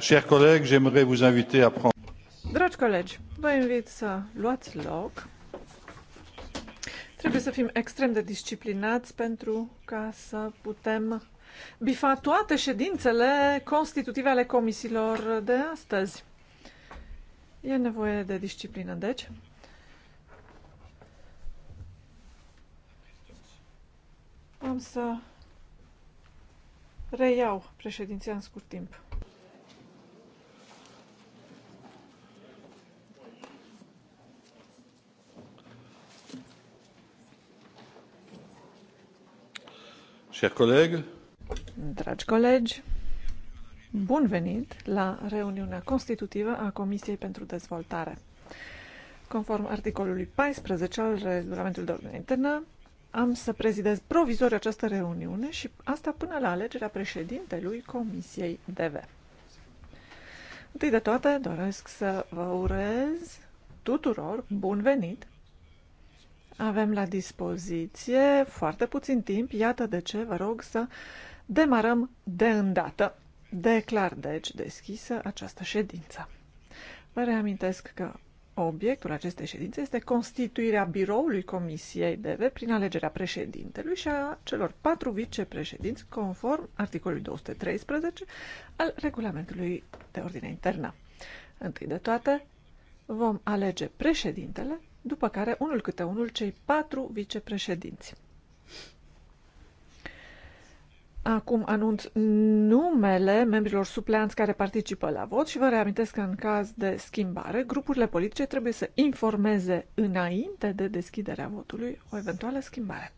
Chers collègues, j'aimerais vous inviter à prendre... Dragi colegi, vă invit să luați loc. Trebuie să fim extrem de disciplinați pentru ca să putem bifa toate ședințele constitutive ale comisiilor de astăzi. E nevoie de disciplină, deci. Am să reiau președinția în scurt timp. Dragi colegi, bun venit la reuniunea constitutivă a Comisiei pentru Dezvoltare. Conform articolului 14 al regulamentului de ordine internă, am să prezidez provizor această reuniune și asta până la alegerea președintelui Comisiei DV. Întâi de toate, doresc să vă urez tuturor bun venit avem la dispoziție foarte puțin timp, iată de ce vă rog să demarăm de îndată. Declar deci deschisă această ședință. Vă reamintesc că obiectul acestei ședințe este constituirea biroului Comisiei DV prin alegerea președintelui și a celor patru vicepreședinți conform articolului 213 al regulamentului de ordine internă. Întâi de toate, vom alege președintele după care unul câte unul cei patru vicepreședinți. Acum anunț numele membrilor supleanți care participă la vot și vă reamintesc că în caz de schimbare, grupurile politice trebuie să informeze înainte de deschiderea votului o eventuală schimbare.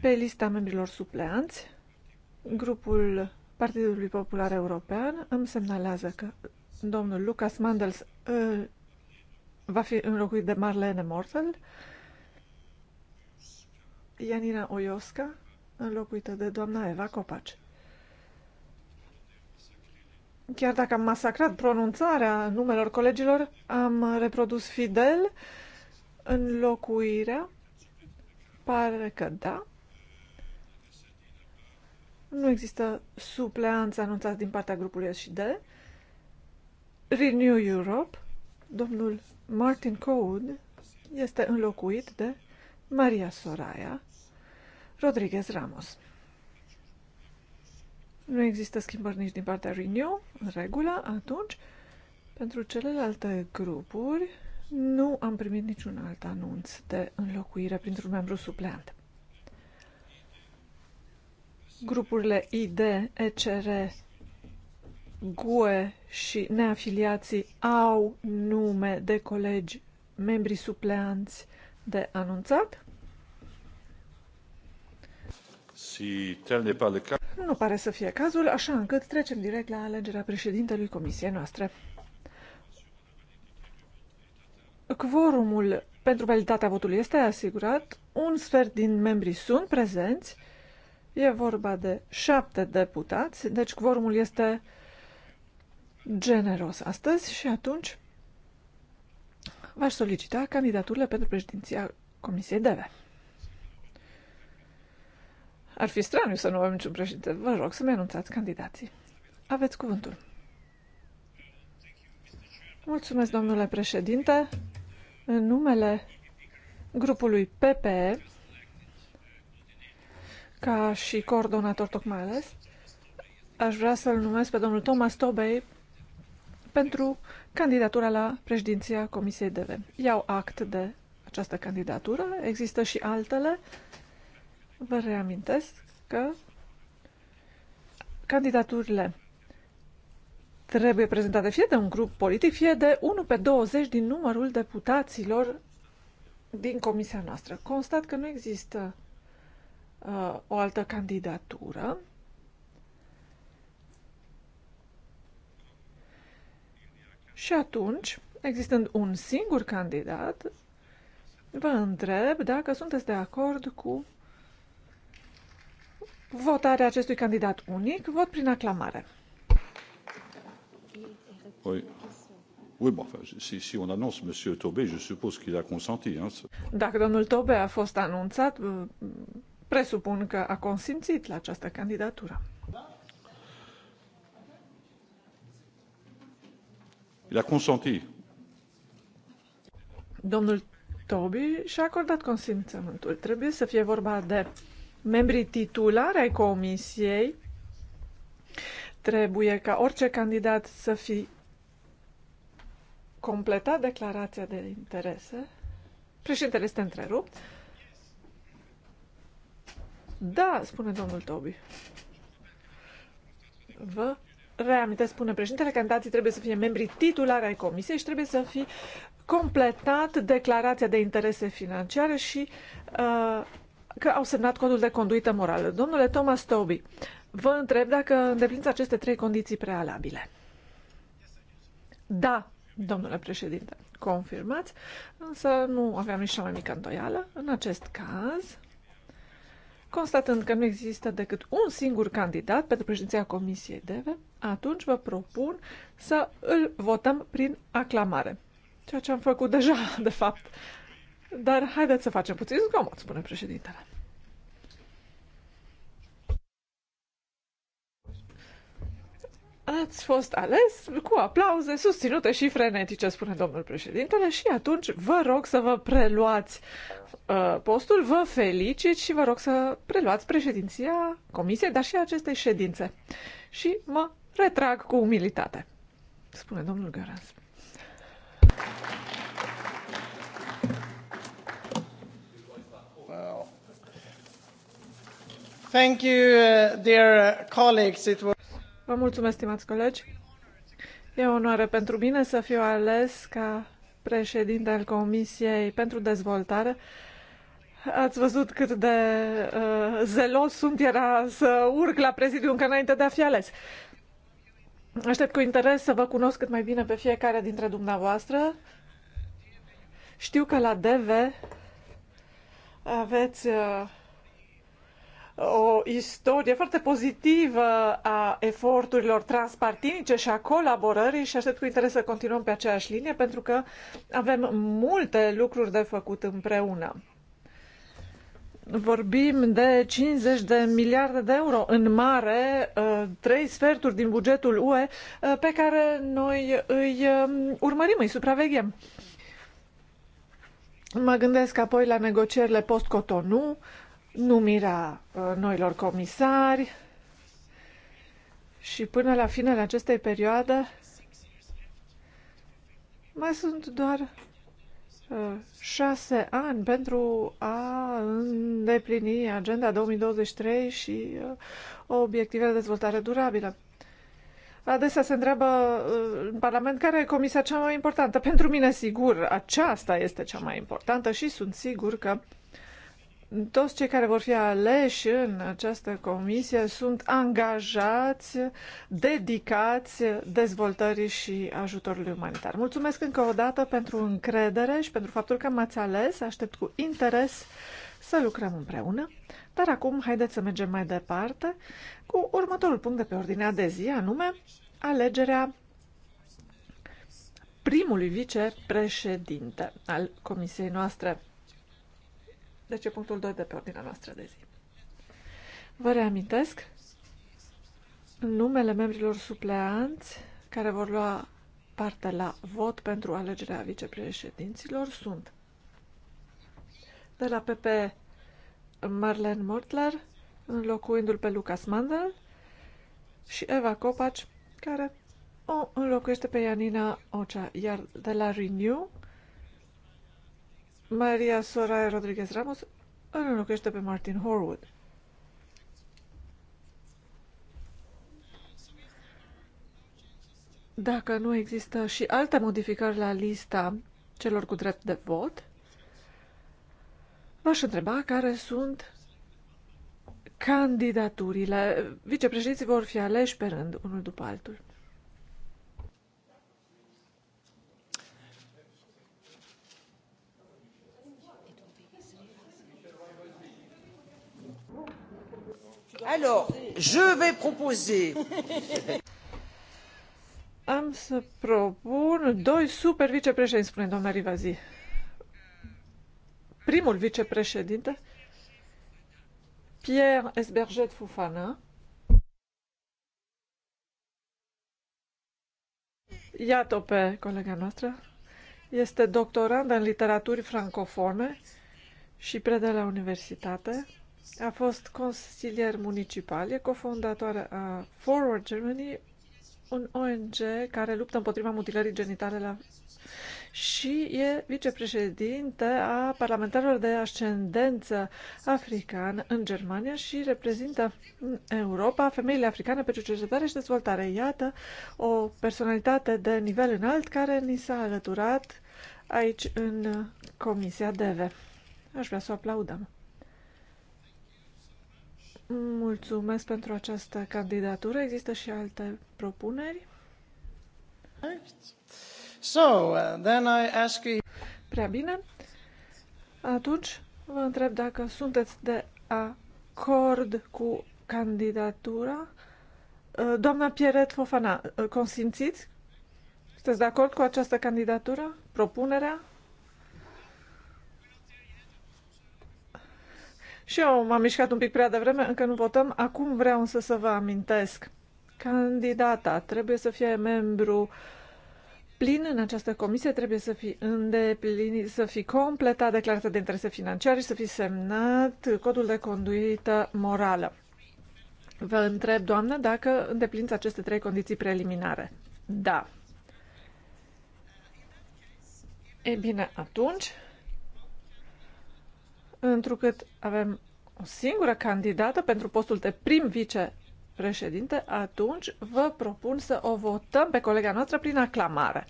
Pe lista membrilor supleanți, grupul Partidului Popular European îmi semnalează că domnul Lucas Mandels îl va fi înlocuit de Marlene Mortel, Ianina Oiosca, înlocuită de doamna Eva Copaci. Chiar dacă am masacrat pronunțarea numelor colegilor, am reprodus fidel înlocuirea. Pare că da. Nu există supleanță anunțată din partea grupului SD. Renew Europe, domnul Martin Code este înlocuit de Maria Soraya Rodriguez Ramos. Nu există schimbări nici din partea Renew, în regulă, atunci, pentru celelalte grupuri, nu am primit niciun alt anunț de înlocuire printr-un membru supleant. Grupurile ID, ECR GUE și neafiliații au nume de colegi membri supleanți de anunțat? Si tel pas le cas... Nu pare să fie cazul, așa încât trecem direct la alegerea președintelui comisiei noastre. Quorumul pentru validitatea votului este asigurat, un sfert din membrii sunt prezenți, e vorba de șapte deputați, deci quorumul este generos astăzi și atunci v-aș solicita candidaturile pentru președinția Comisiei DEVE. Ar fi straniu să nu avem niciun președinte. Vă rog să-mi anunțați candidații. Aveți cuvântul. Mulțumesc, domnule președinte. În numele grupului PPE, ca și coordonator tocmai ales, aș vrea să-l numesc pe domnul Thomas Tobey pentru candidatura la președinția Comisiei DV. Iau act de această candidatură. Există și altele. Vă reamintesc că candidaturile trebuie prezentate fie de un grup politic, fie de 1 pe 20 din numărul deputaților din comisia noastră. Constat că nu există uh, o altă candidatură Și atunci, existând un singur candidat, vă întreb dacă sunteți de acord cu votarea acestui candidat unic, vot prin aclamare. Oui. Oui, bon, enfin, si, si on annonce M. Tobé, je suppose qu'il a consenti. Hein. Dacă domnul Tobé a fost anunțat, presupun că a consimțit la această candidatură. Il a consenti. Domnul Tobi și-a acordat consimțământul. Trebuie să fie vorba de membrii titulari ai comisiei. Trebuie ca orice candidat să fi completat declarația de interese. Președintele este întrerupt. Da, spune domnul Tobi. Vă reamintesc, spune președintele, candidații trebuie să fie membri titulari ai comisiei și trebuie să fie completat declarația de interese financiare și uh, că au semnat codul de conduită morală. Domnule Thomas Toby, vă întreb dacă îndepliniți aceste trei condiții prealabile. Da, domnule președinte, confirmați, însă nu aveam nici cea mai mică îndoială. În acest caz, Constatând că nu există decât un singur candidat pentru președinția Comisiei DEVE, atunci vă propun să îl votăm prin aclamare. Ceea ce am făcut deja, de fapt. Dar haideți să facem puțin zgomot, spune președintele. ați fost ales cu aplauze susținute și frenetice, spune domnul președintele, și atunci vă rog să vă preluați uh, postul, vă felicit și vă rog să preluați președinția comisiei, dar și acestei ședințe. Și mă retrag cu umilitate, spune domnul Gărans. Wow. Thank you, uh, dear uh, colleagues. It was... Vă mulțumesc, stimați colegi. E o onoare pentru mine să fiu ales ca președinte al Comisiei pentru Dezvoltare. Ați văzut cât de uh, zelos sunt, era să urc la prezidiu încă înainte de a fi ales. Aștept cu interes să vă cunosc cât mai bine pe fiecare dintre dumneavoastră. Știu că la DV aveți uh, o istorie foarte pozitivă a eforturilor transpartinice și a colaborării și aștept cu interes să continuăm pe aceeași linie pentru că avem multe lucruri de făcut împreună. Vorbim de 50 de miliarde de euro în mare, uh, trei sferturi din bugetul UE uh, pe care noi îi um, urmărim, îi supraveghem. Mă gândesc apoi la negocierile post-Cotonou, numirea uh, noilor comisari și până la finele acestei perioade mai sunt doar uh, șase ani pentru a îndeplini Agenda 2023 și uh, obiectivele de dezvoltare durabilă. Adesea se întreabă în Parlament care e comisia cea mai importantă. Pentru mine, sigur, aceasta este cea mai importantă și sunt sigur că toți cei care vor fi aleși în această comisie sunt angajați, dedicați dezvoltării și ajutorului umanitar. Mulțumesc încă o dată pentru încredere și pentru faptul că m-ați ales. Aștept cu interes să lucrăm împreună. Dar acum haideți să mergem mai departe cu următorul punct de pe ordinea de zi, anume alegerea primului vicepreședinte al comisiei noastre. Deci e punctul 2 de pe ordinea noastră de zi. Vă reamintesc numele membrilor supleanți care vor lua parte la vot pentru alegerea vicepreședinților sunt de la PP Marlene Mortler, înlocuindu-l pe Lucas Mandel și Eva Copaci, care o înlocuiește pe Ianina Ocea, iar de la Renew Maria Soraya Rodriguez Ramos îl înlocuiește pe Martin Horwood. Dacă nu există și alte modificări la lista celor cu drept de vot, v-aș întreba care sunt candidaturile. Vicepreședinții vor fi aleși pe rând, unul după altul. je vais proposer. Am să propun doi super vicepreședinți, spune doamna Rivazi. Primul vicepreședinte, Pierre Esberget Fufana, Iată pe colega noastră. Este doctorand în literaturi francofone și predă la universitate. A fost consilier municipal, e cofondatoare a Forward Germany, un ONG care luptă împotriva mutilării genitale la și e vicepreședinte a parlamentarilor de ascendență africană în Germania și reprezintă în Europa femeile africane pentru cercetare și dezvoltare. Iată o personalitate de nivel înalt care ni s-a alăturat aici în Comisia DEVE. Aș vrea să o aplaudăm. Mulțumesc pentru această candidatură. Există și alte propuneri? So, uh, then I ask you... Prea bine. Atunci vă întreb dacă sunteți de acord cu candidatura. Uh, doamna Pieret Fofana, uh, consimțiți? Sunteți de acord cu această candidatură? Propunerea? Și eu m-am mișcat un pic prea devreme, încă nu votăm. Acum vreau însă să vă amintesc. Candidata trebuie să fie membru plin în această comisie, trebuie să fie îndeplinit, să fi completat declarația de interese financiare și să fi semnat codul de conduită morală. Vă întreb, doamnă, dacă îndepliniți aceste trei condiții preliminare. Da. E bine, atunci întrucât avem o singură candidată pentru postul de prim vicepreședinte, atunci vă propun să o votăm pe colega noastră prin aclamare.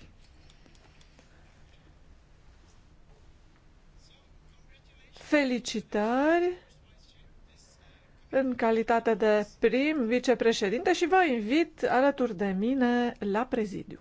Felicitări în calitate de prim vicepreședinte și vă invit alături de mine la prezidiu.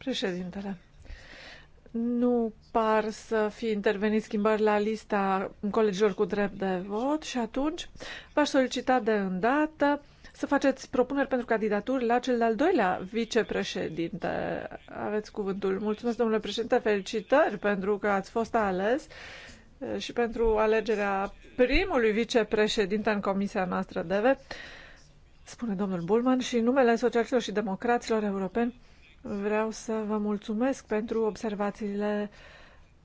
Președintele, nu par să fi intervenit schimbări la lista colegilor cu drept de vot și atunci v-aș solicita de îndată să faceți propuneri pentru candidaturi la cel de-al doilea vicepreședinte. Aveți cuvântul. Mulțumesc, domnule președinte, felicitări pentru că ați fost ales și pentru alegerea primului vicepreședinte în comisia noastră DEVE spune domnul Bulman, și în numele socialiștilor și democraților europeni vreau să vă mulțumesc pentru observațiile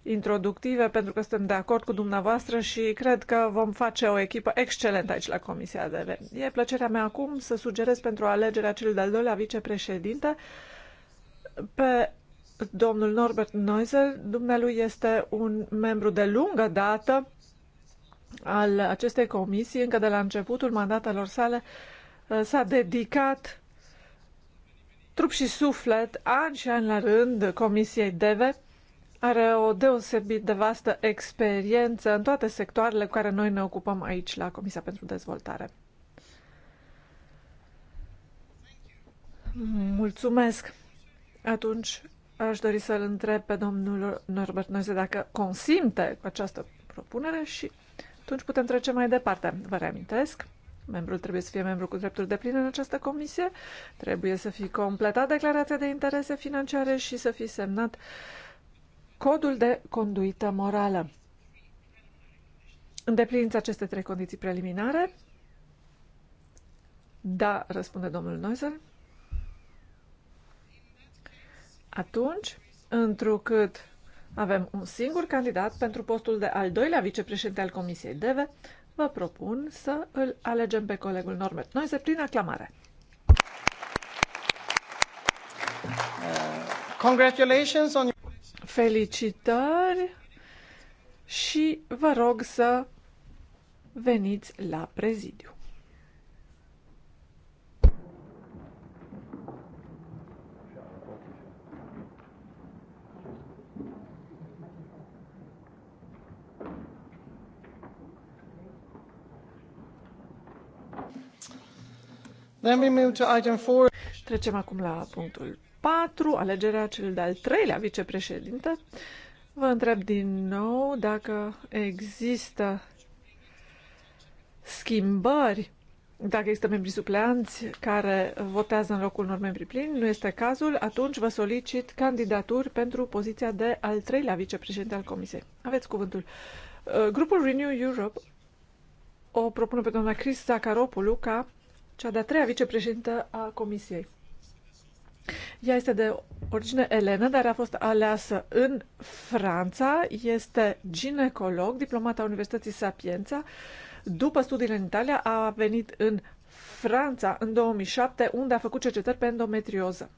introductive, pentru că suntem de acord cu dumneavoastră și cred că vom face o echipă excelentă aici la Comisia de E plăcerea mea acum să sugerez pentru alegerea celui de-al doilea vicepreședinte pe domnul Norbert Neuser. Dumnealui este un membru de lungă dată al acestei comisii, încă de la începutul mandatelor sale Uh, s-a dedicat trup și suflet, ani și ani la rând, Comisiei DEVE. Are o deosebit de vastă experiență în toate sectoarele cu care noi ne ocupăm aici, la Comisia pentru Dezvoltare. Mulțumesc! Atunci aș dori să-l întreb pe domnul Norbert Noise dacă consimte cu această propunere și atunci putem trece mai departe. Vă reamintesc Membrul trebuie să fie membru cu drepturi de plin în această comisie, trebuie să fie completat declarația de interese financiare și să fie semnat codul de conduită morală. Îndepliniți aceste trei condiții preliminare? Da, răspunde domnul Noiser. Atunci, întrucât avem un singur candidat pentru postul de al doilea vicepreședinte al Comisiei DEVE, vă propun să îl alegem pe colegul Norbert Noise prin aclamare. Congratulations on... Felicitări și vă rog să veniți la prezidiu. Trecem acum la punctul 4, alegerea celui de-al treilea vicepreședinte. Vă întreb din nou dacă există schimbări, dacă există membri supleanți care votează în locul unor membri plini, nu este cazul, atunci vă solicit candidaturi pentru poziția de al treilea vicepreședinte al Comisiei. Aveți cuvântul. Uh, grupul Renew Europe o propune pe doamna Chris Zacaropulu ca cea de-a treia vicepreședintă a Comisiei. Ea este de origine elenă, dar a fost aleasă în Franța, este ginecolog, diplomat a Universității Sapienza. După studiile în Italia, a venit în Franța în 2007, unde a făcut cercetări pe endometrioză.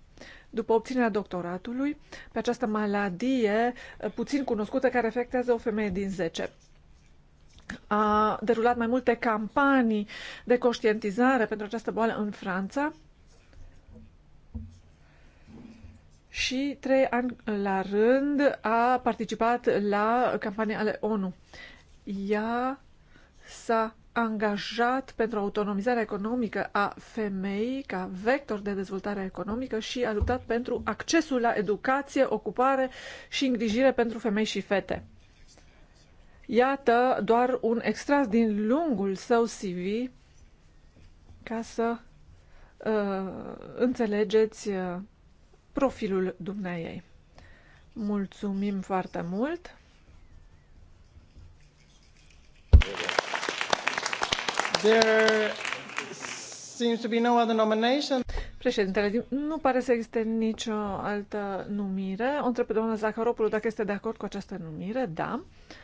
După obținerea doctoratului, pe această maladie puțin cunoscută care afectează o femeie din 10 a derulat mai multe campanii de conștientizare pentru această boală în Franța și trei ani la rând a participat la campanii ale ONU. Ea s-a angajat pentru autonomizarea economică a femei ca vector de dezvoltare economică și a luptat pentru accesul la educație, ocupare și îngrijire pentru femei și fete. Iată doar un extras din lungul său CV ca să uh, înțelegeți uh, profilul dumneiei. Mulțumim foarte mult! There seems to be no other nomination. Președintele, nu pare să existe nicio altă numire. O întreb pe doamna Zaharopoulou dacă este de acord cu această numire. Da. Uh,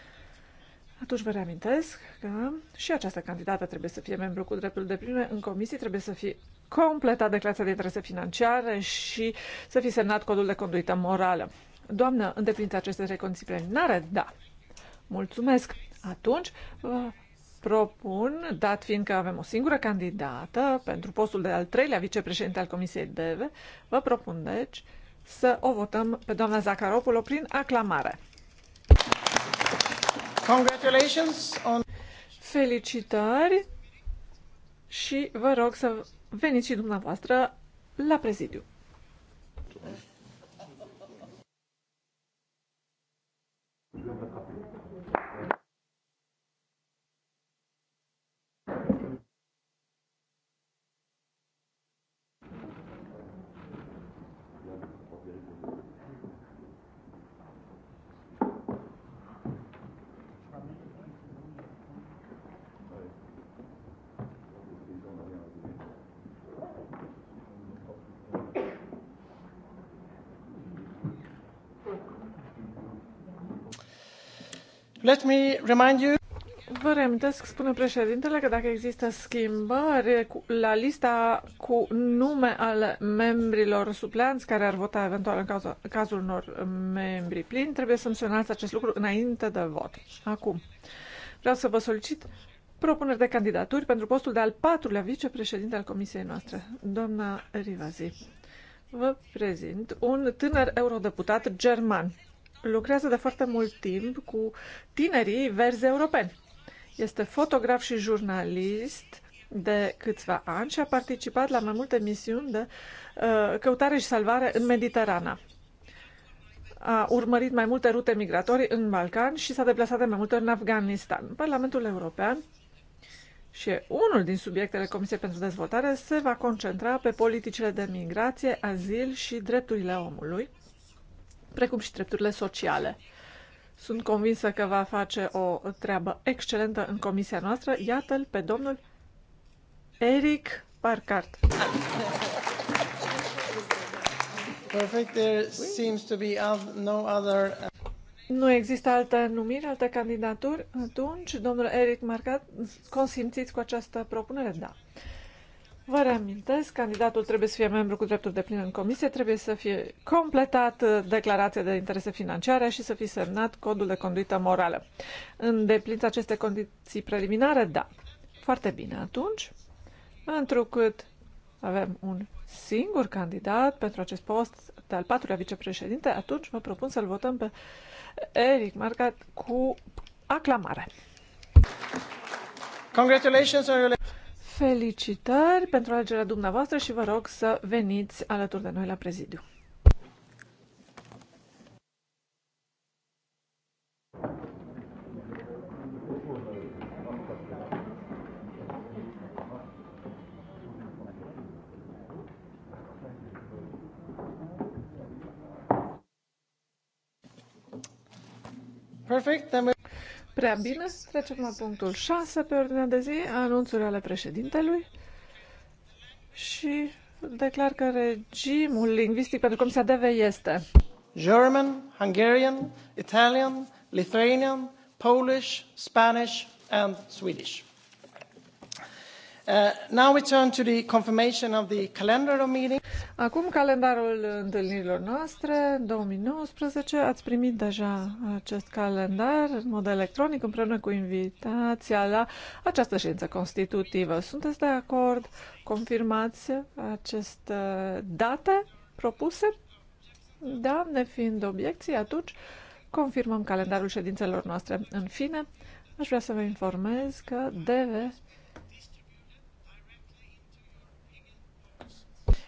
atunci vă reamintesc că și această candidată trebuie să fie membru cu dreptul de plină în comisie, trebuie să fie completat declarația de interese financiare și să fi semnat codul de conduită morală. Doamnă, îndepliniți aceste trei condiții preliminare? Da. Mulțumesc. Atunci vă propun, dat fiind că avem o singură candidată pentru postul de al treilea vicepreședinte al Comisiei DEVE, vă propun deci să o votăm pe doamna Zacaropulo prin aclamare. Congratulations on... Felicitări și vă rog să veniți și dumneavoastră la prezidiu. Let me remind you... Vă reamintesc, spune președintele, că dacă există schimbări la lista cu nume ale membrilor supleanți care ar vota eventual în cazul unor membri plini, trebuie să semnați acest lucru înainte de vot. Acum, vreau să vă solicit propuneri de candidaturi pentru postul de al patrulea vicepreședinte al comisiei noastre, doamna Rivazi. Vă prezint un tânăr eurodeputat german lucrează de foarte mult timp cu tinerii verzi europeni. Este fotograf și jurnalist de câțiva ani și a participat la mai multe misiuni de uh, căutare și salvare în Mediterana. A urmărit mai multe rute migratorii în Balcan și s-a deplasat de mai multe ori în Afganistan. Parlamentul European și unul din subiectele Comisiei pentru Dezvoltare se va concentra pe politicile de migrație, azil și drepturile omului precum și drepturile sociale. Sunt convinsă că va face o treabă excelentă în comisia noastră. Iată-l pe domnul Eric Parcart. Perfect. There seems to be no other... Uh, nu există altă numire, altă candidaturi? Atunci, domnul Eric Marcat, consimțiți cu această propunere? Da. Vă reamintesc, candidatul trebuie să fie membru cu drepturi de plin în comisie, trebuie să fie completat uh, declarația de interese financiare și să fie semnat codul de conduită morală. Îndepliniți aceste condiții preliminare? Da. Foarte bine. Atunci, întrucât avem un singur candidat pentru acest post de al patrulea vicepreședinte, atunci vă propun să-l votăm pe Eric Marcat cu aclamare. Congratulations on your Felicitări pentru alegerea dumneavoastră și vă rog să veniți alături de noi la prezidiu. Prea bine, trecem la punctul 6 pe ordinea de zi, anunțurile ale președintelui și declar că regimul lingvistic pentru se adeve este German, Hungarian, Italian, Lithuanian, Polish, Spanish and Swedish. Uh, now we turn to the confirmation of the calendar of meetings. Acum calendarul întâlnirilor noastre 2019. Ați primit deja acest calendar în mod electronic împreună cu invitația la această ședință constitutivă. Sunteți de acord? Confirmați aceste date propuse? Da, nefiind obiecții, atunci confirmăm calendarul ședințelor noastre. În fine, aș vrea să vă informez că DV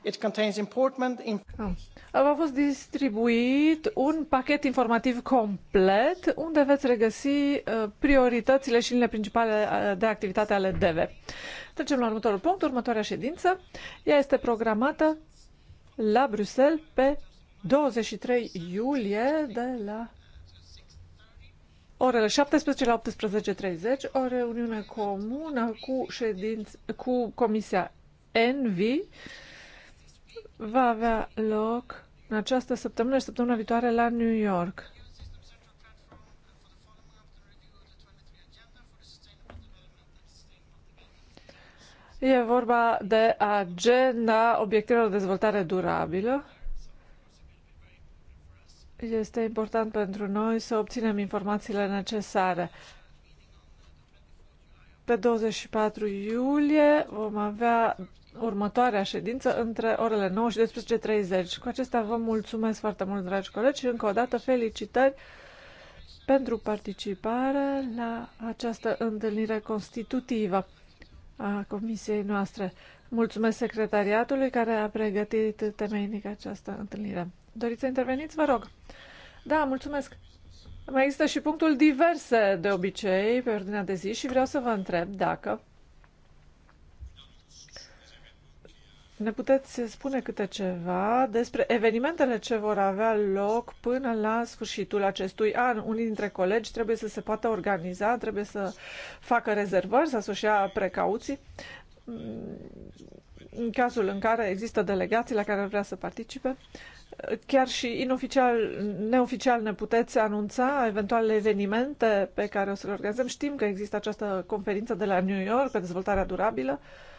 It contains important oh. A fost distribuit un pachet informativ complet unde veți regăsi uh, prioritățile și linile principale uh, de activitate ale DV. Trecem la următorul punct, următoarea ședință. Ea este programată la Bruxelles pe 23 iulie de la orele 17 la 18.30, o reuniune comună cu, ședinț, cu Comisia Envi va avea loc în această săptămână și săptămâna viitoare la New York. E vorba de agenda obiectivelor de dezvoltare durabilă. Este important pentru noi să obținem informațiile necesare. Pe 24 iulie vom avea următoarea ședință între orele 9 și 12.30. Cu acestea vă mulțumesc foarte mult, dragi colegi, și încă o dată felicitări pentru participare la această întâlnire constitutivă a comisiei noastre. Mulțumesc secretariatului care a pregătit temeinic această întâlnire. Doriți să interveniți? Vă rog. Da, mulțumesc. Mai există și punctul diverse de obicei pe ordinea de zi și vreau să vă întreb dacă ne puteți spune câte ceva despre evenimentele ce vor avea loc până la sfârșitul acestui an. Unii dintre colegi trebuie să se poată organiza, trebuie să facă rezervări, să ia precauții în cazul în care există delegații la care ar vrea să participe, chiar și inoficial, neoficial ne puteți anunța eventuale evenimente pe care o să le organizăm. Știm că există această conferință de la New York pe dezvoltarea durabilă. Uh,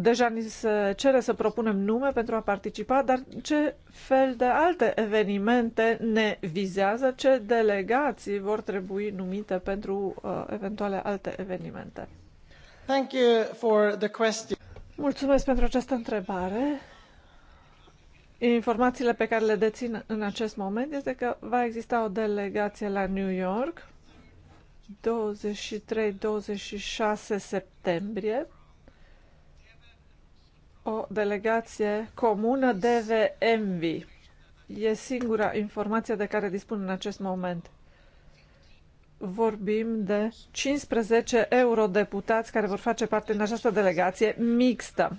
Deja ni se cere să propunem nume pentru a participa, dar ce fel de alte evenimente ne vizează? Ce delegații vor trebui numite pentru uh, eventuale alte evenimente? Thank you for the question. Mulțumesc pentru această întrebare. Informațiile pe care le dețin în acest moment este că va exista o delegație la New York 23-26 septembrie o delegație comună deve envi. E singura informație de care dispun în acest moment. Vorbim de 15 eurodeputați care vor face parte în această delegație mixtă.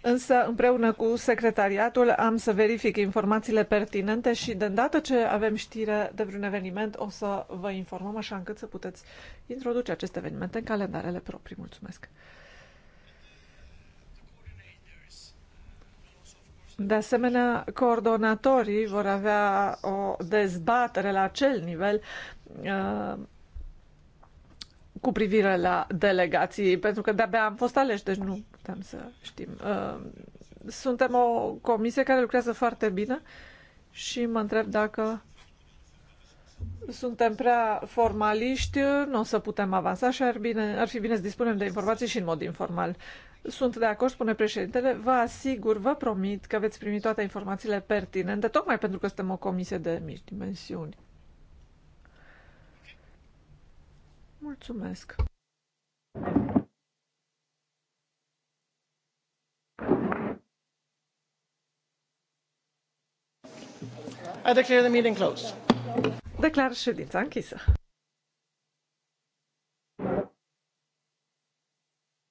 Însă, împreună cu secretariatul, am să verific informațiile pertinente și, de îndată ce avem știre de vreun eveniment, o să vă informăm așa încât să puteți introduce acest eveniment în calendarele proprii. Mulțumesc! De asemenea, coordonatorii vor avea o dezbatere la acel nivel uh, cu privire la delegații, pentru că de-abia am fost aleși, deci nu putem să știm. Uh, suntem o comisie care lucrează foarte bine și mă întreb dacă suntem prea formaliști, nu o să putem avansa și ar, bine, ar fi bine să dispunem de informații și în mod informal. Sunt de acord, spune președintele, vă asigur, vă promit că veți primi toate informațiile pertinente, tocmai pentru că suntem o comisie de mici dimensiuni. Mulțumesc! I declare the meeting closed. Declar ședința închisă.